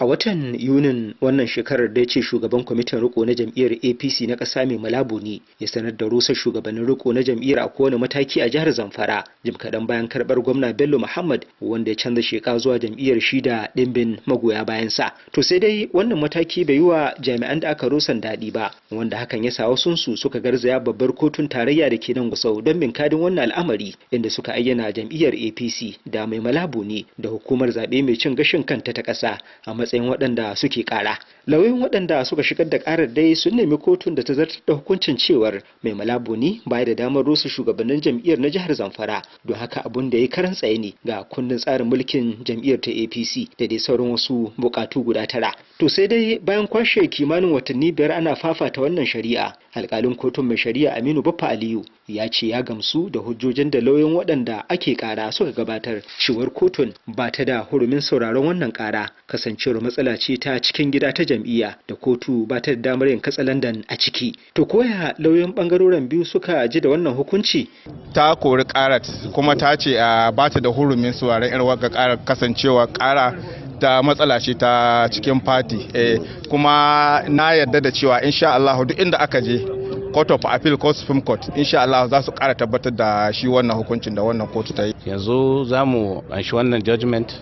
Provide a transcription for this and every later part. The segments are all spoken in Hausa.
a watan yunin wannan shekarar da ya ce shugaban kwamitin riko na jam'iyyar apc na ƙasa mai malabu ne ya sanar da rusar shugabannin riko na jam'iyyar a kowane mataki a jihar zamfara jim kaɗan bayan karɓar gwamna bello muhammad wanda ya canza sheka zuwa jam'iyyar shi da ɗimbin magoya bayansa to sai dai wannan mataki bai yi wa jami'an da aka rusan daɗi ba wanda hakan ya sa wasunsu suka garzaya babbar kotun tarayya da ke nan gusau don bin kadin wannan al'amari inda suka ayyana jam'iyyar apc da mai malabu ne da hukumar zaɓe mai cin gashin kanta ta ƙasa a matsayin waɗanda suke ƙara lauyoyin waɗanda suka shigar da ƙarar dai sun nemi kotun da ta zartar da hukuncin cewar mai malabuni baya da damar rusa shugabannin jam'iyyar na jihar zamfara don haka abun da ya karan tsaye ne ga kundin tsarin mulkin jam'iyyar ta apc da dai sauran wasu buƙatu guda tara to sai dai bayan kwashe kimanin watanni biyar ana fafata wannan shari'a alƙalin kotun mai shari'a aminu baffa aliyu ya ce ya gamsu da hujjojin da lauyoyin waɗanda ake ƙara suka gabatar cewar kotun ba ta da hurumin sauraron wannan ƙara kasancewar matsala ce ta cikin gida ta jam'iyyar jam'iyya da kotu ba ta da damar yin landan a ciki to koya lauyoyin bangaroren biyu suka ji da wannan hukunci ta kori karat kuma ta ce a ba ta da hurumin suwaren irwa ga kara kasancewa kara ta matsala shi ta cikin fati eh, kuma na yarda da cewa insha Allah duk inda aka je court of appeal ko supreme court insha Allah za su kara tabbatar da shi wannan hukuncin da wannan kotu ta yi yanzu za mu anshi wannan judgment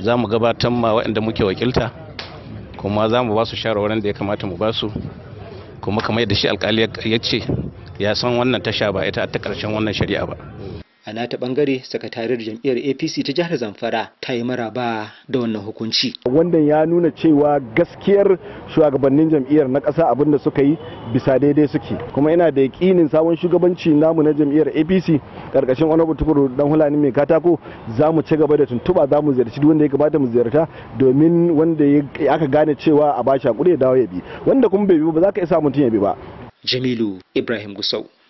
za mu gabatar ma waɗanda muke wakilta kuma za mu ba su shawarwarin da ya kamata mu ba su kuma kamar yadda shi alkali ya ce ya san wannan tasha ba ita ta karshen wannan shari'a ba a nata bangare sakatariyar jam'iyyar apc ta jihar zamfara ta yi maraba da wannan hukunci wannan ya nuna cewa gaskiyar shugabannin jam'iyyar na ƙasa abin da suka yi bisa daidai suke kuma ina da yakinin sabon shugabanci namu na jam'iyyar apc karkashin abu tukuru dan hulani mai katako za mu ci gaba da tuntuba za mu ziyarci duk wanda ya gabata mu ziyarta domin wanda aka gane cewa a bashi hakuri ya dawo ya bi wanda kuma bai bi ba za ka isa mutum ya bi ba jamilu ibrahim gusau